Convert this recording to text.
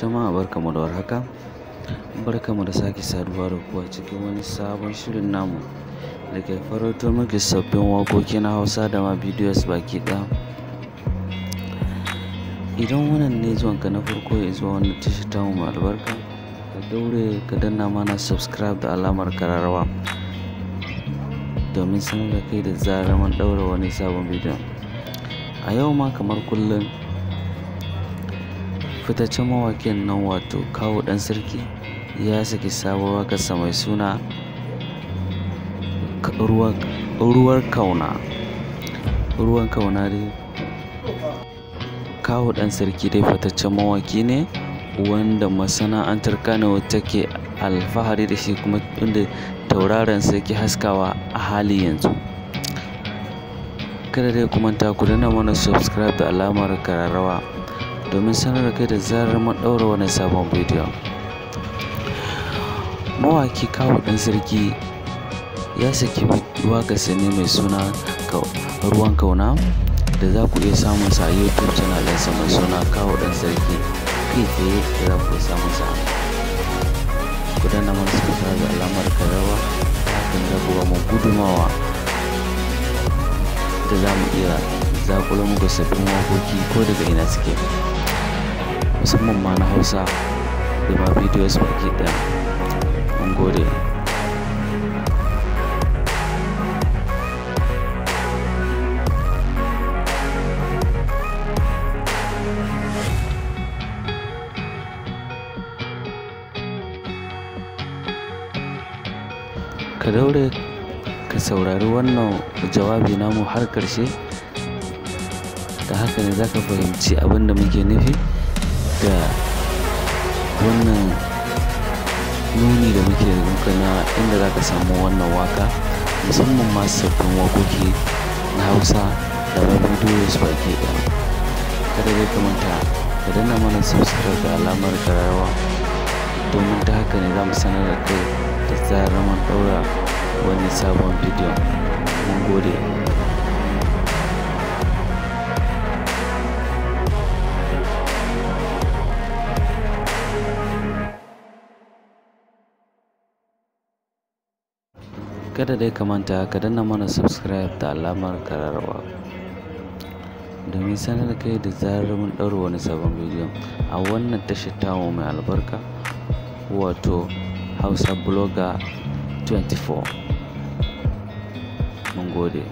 jama'a barkamu da warhaka barkamu da sake saduwa da kuwa cikin wani sabon shirin namu da ke farautar muke sabbin waƙoƙi na hausa da ma bidiyos baki ɗaya idan wannan ne ka na farko ya zuwa wani tashi ta mu albarka ka daure ka danna mana subscribe da alamar kararrawa domin sanar da kai da zarar mun daura wani sabon bidiyo a yau ma kamar kullum fitaccen mawakin nan wato kawo dan sarki ya saki sabuwar wakarsa mai suna ruwan kauna ruwan kauna dai kawo dan sarki dai fitaccen mawaki ne wanda masana'antar kano take alfahari da shi kuma inda tauraron sarki haskawa a hali yanzu kada dai kuma ta ku mana subscribe da alamar kararrawa domin sanar da kai da zarar mun ɗaura wani sabon bidiyo mawaki kawo ɗan sarki ya saki ga sani mai suna ruwan kauna da za ku iya samun sa a youtube channel ɗinsa mai suna kawo ɗan sarki kai tsaye da za ku iya samun sa ku danna mana sa da alamar karawa kafin da mu gudumawa da za mu iya zakulo muku sabbin wakoki ko daga ina suke musamman ma na hausa da ba videos baki ɗaya mun gode ka daure ka saurari wannan jawabi namu har karshe ta haka ne za ka fahimci abin da muke nufi da wannan nuni da muke da na inda za ka samu wannan waka musamman masu sabbin wakoki na Hausa da ma su baki ɗaya. Kada dai ka manta ka danna mana subscribe da alamar karawa domin ta haka ne za mu sanar da kai da zarar mun ɗaura wani sabon bidiyon. Mun gode. kada dai ka manta ka danna mana subscribe da alamar kararwa domin sanar kai da zarar mun ɗaura wani sabon bidiyo a wannan tashar tamu mai albarka wato hausa blogger 24 mun gode